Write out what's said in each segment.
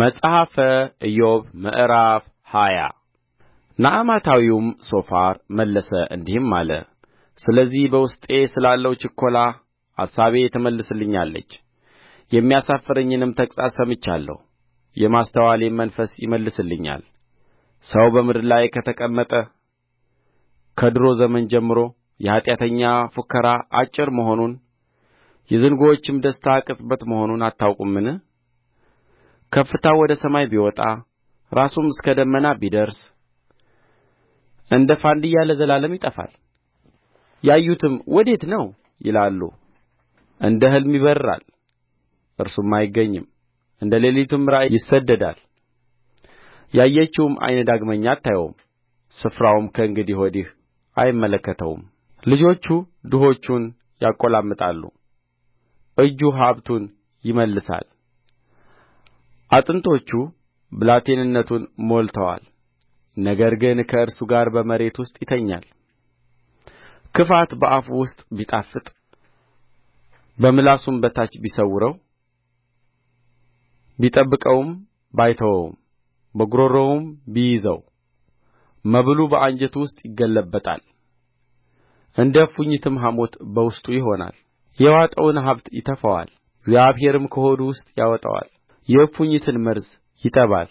መጽሐፈ ኢዮብ ምዕራፍ ሃያ ናዕማታዊውም ሶፋር መለሰ እንዲህም አለ ስለዚህ በውስጤ ስላለው ችኰላ አሳቤ ትመልስልኛለች የሚያሳፍረኝንም ተግሣጽ ሰምቻለሁ የማስተዋሌም መንፈስ ይመልስልኛል ሰው በምድር ላይ ከተቀመጠ ከድሮ ዘመን ጀምሮ የኃጢአተኛ ፉከራ አጭር መሆኑን የዝንጉዎችም ደስታ ቅጽበት መሆኑን አታውቁምን ከፍታው ወደ ሰማይ ቢወጣ ራሱም እስከ ደመና ቢደርስ እንደ ፋንድያ ለዘላለም ይጠፋል ያዩትም ወዴት ነው ይላሉ እንደ ሕልም ይበርራል እርሱም አይገኝም እንደ ሌሊቱም ራእይ ይሰደዳል ያየችውም ዓይን ዳግመኛ አታየውም ስፍራውም ከእንግዲህ ወዲህ አይመለከተውም ልጆቹ ድሆቹን ያቈላምጣሉ እጁ ሀብቱን ይመልሳል አጥንቶቹ ብላቴንነቱን ሞልተዋል ነገር ግን ከእርሱ ጋር በመሬት ውስጥ ይተኛል ክፋት በአፉ ውስጥ ቢጣፍጥ በምላሱም በታች ቢሰውረው ቢጠብቀውም ባይተወውም በጕሮሮውም ቢይዘው መብሉ በአንጀቱ ውስጥ ይገለበጣል እንደ እፉኝትም ሐሞት በውስጡ ይሆናል የዋጠውን ሀብት ይተፋዋል እግዚአብሔርም ከሆዱ ውስጥ ያወጣዋል የእፉኝትን መርዝ ይጠባል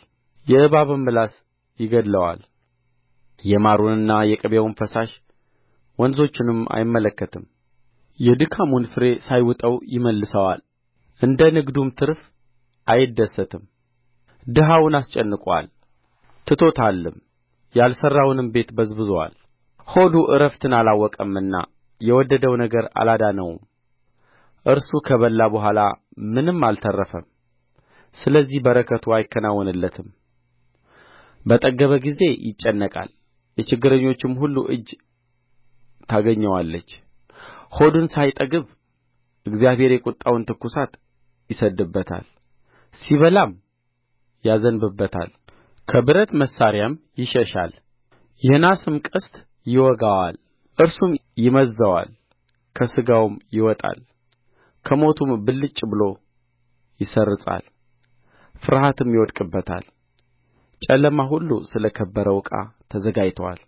የእባብም ምላስ ይገድለዋል የማሩንና የቅቤውን ፈሳሽ ወንዞቹንም አይመለከትም የድካሙን ፍሬ ሳይውጠው ይመልሰዋል እንደ ንግዱም ትርፍ አይደሰትም ድሀውን አስጨንቆአል ትቶታልም ያልሠራውንም ቤት በዝብዞአል ሆዱ ዕረፍትን አላወቀምና የወደደው ነገር አላዳነውም እርሱ ከበላ በኋላ ምንም አልተረፈም ስለዚህ በረከቱ አይከናወንለትም በጠገበ ጊዜ ይጨነቃል የችግረኞችም ሁሉ እጅ ታገኘዋለች ሆዱን ሳይጠግብ እግዚአብሔር የቍጣውን ትኵሳት ይሰድድበታል ሲበላም ያዘንብበታል ከብረት መሣሪያም ይሸሻል የናስም ቀስት ይወጋዋል እርሱም ይመዝዘዋል ከሥጋውም ይወጣል ከሞቱም ብልጭ ብሎ ይሠርጻል ፍርሃትም ይወድቅበታል ጨለማ ሁሉ ስለ ከበረው ዕቃ ተዘጋጅቶአል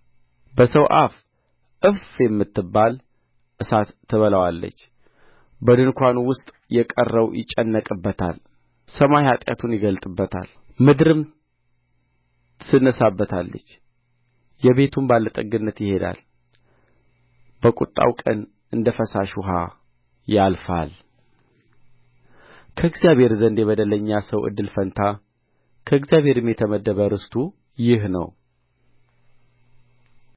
በሰው አፍ እፍ የምትባል እሳት ትበላዋለች በድንኳኑ ውስጥ የቀረው ይጨነቅበታል ሰማይ ኃጢአቱን ይገልጥበታል ምድርም ትነሣበታለች የቤቱም ባለጠግነት ይሄዳል በቍጣው ቀን እንደ ፈሳሽ ውኃ ያልፋል ከእግዚአብሔር ዘንድ የበደለኛ ሰው እድል ፈንታ ከእግዚአብሔርም የተመደበ ርስቱ ይህ ነው